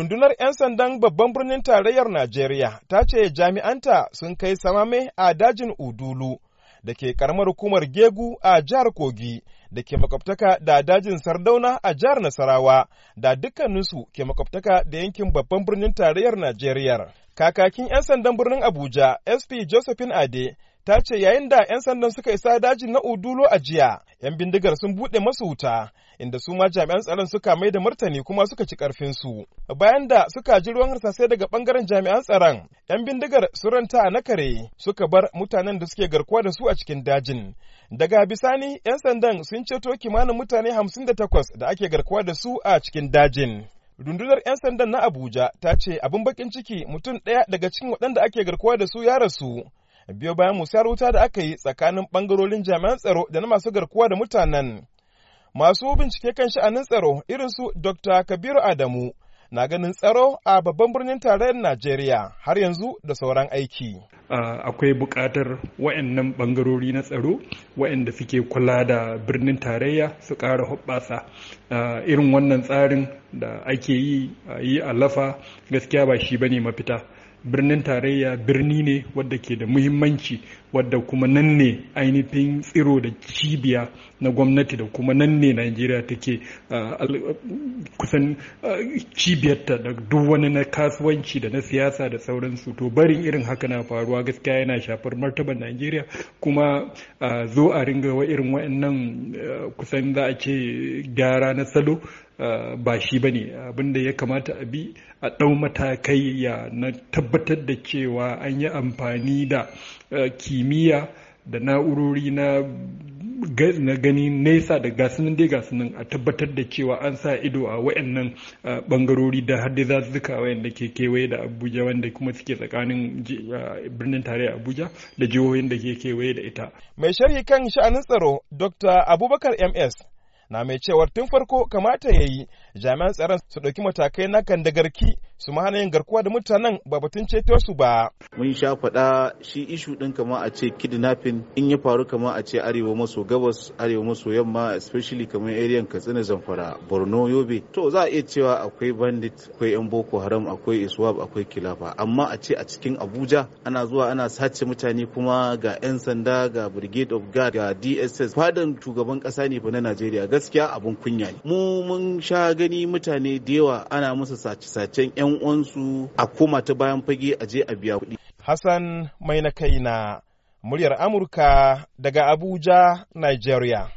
Rundunar 'yan sandan babban birnin tarayyar Najeriya ta ce jami'anta sun kai samame a dajin Udulu da ke karamar hukumar Gegu a jihar Kogi da ke makwabtaka da dajin Sardauna a jihar Nasarawa da dukkaninsu ke makwabtaka da yankin babban birnin tarayyar Najeriya. Kakakin 'yan sandan birnin Abuja, SP Josephine Ade, ta ce yayin da 'yan sandan suka isa dajin na Udulu a jiya, 'yan bindigar sun buɗe masu wuta inda su ma jami'an tsaron suka mai da martani kuma suka ci karfinsu bayan da suka ji ruwan harsasai daga bangaren jami'an tsaron 'yan bindigar sun ranta na kare suka bar mutanen da suke garkuwa da su a cikin dajin daga bisani 'yan sandan sun ceto kimanin mutane hamsin da takwas da ake garkuwa da su a cikin dajin rundunar 'yan sandan na abuja ta ce abin bakin ciki mutum ɗaya daga cikin waɗanda ake garkuwa da su ya rasu biyo bayan musayar wuta da aka yi tsakanin bangarorin jami'an tsaro da na masu garkuwa da mutanen. Masu bincike kan sha'anin tsaro irin su Dr. Kabiru Adamu na ganin tsaro a babban birnin tarayyar Najeriya har yanzu da sauran aiki. Akwai buƙatar waɗannan bangarori na tsaro waɗanda suke kula da birnin tarayya su ƙara hoɓɓasa irin wannan tsarin da ake yi a lafa gaskiya ba shi ne mafita. birnin tarayya birni ne wadda ke da muhimmanci wadda kuma nan ne ainihin tsiro da cibiya na gwamnati da kuma nan ne najeriya take kusan cibiyarta da duk wani na kasuwanci da na siyasa da sauransu to barin irin haka na faruwa gaskiya yana shafar martabar najeriya kuma zo a ringa irin waɗannan kusan za a ce gyara na salo ba shi ba ne abinda ya kamata a bi a ɗau matakai ya na tabbatar da cewa an yi amfani da eh, kimiyya da na'urori na na gani nesa da gasunan dai gasunan a tabbatar da cewa an sa ido a wayannan bangarori eh, da har za su zuka wayanda ke kewaye da abuja wanda kuma suke tsakanin eh, birnin tarayya abuja da jihohin da ke kewaye da ita mai shari'a kan sha'anin tsaro dr abubakar ms na mai cewar tun farko kamata ya yi jami'an tsaron su ɗauki matakai na kan kandagarki su ma hana yin garkuwa da mutanen ba batun ceto su ba. Mun sha faɗa shi ishu ɗin kama a ce kidnapping in ya faru kama a ce arewa maso gabas arewa maso yamma especially kamar area Katsina Zamfara Borno Yobe to za a iya cewa akwai bandit akwai yan Boko Haram akwai Iswab akwai Kilafa amma a ce a cikin Abuja ana zuwa ana sace mutane kuma ga yan sanda ga Brigade of Guard ga DSS fadan shugaban kasa ne fa na Najeriya gaskiya abun kunya ne mu mun sha gani mutane da yawa ana musu sace-sacen yan 'yan uwansu a koma ta bayan fage a je a biya kuɗi. Hassan mai na kaina muryar Amurka daga Abuja, Nigeria.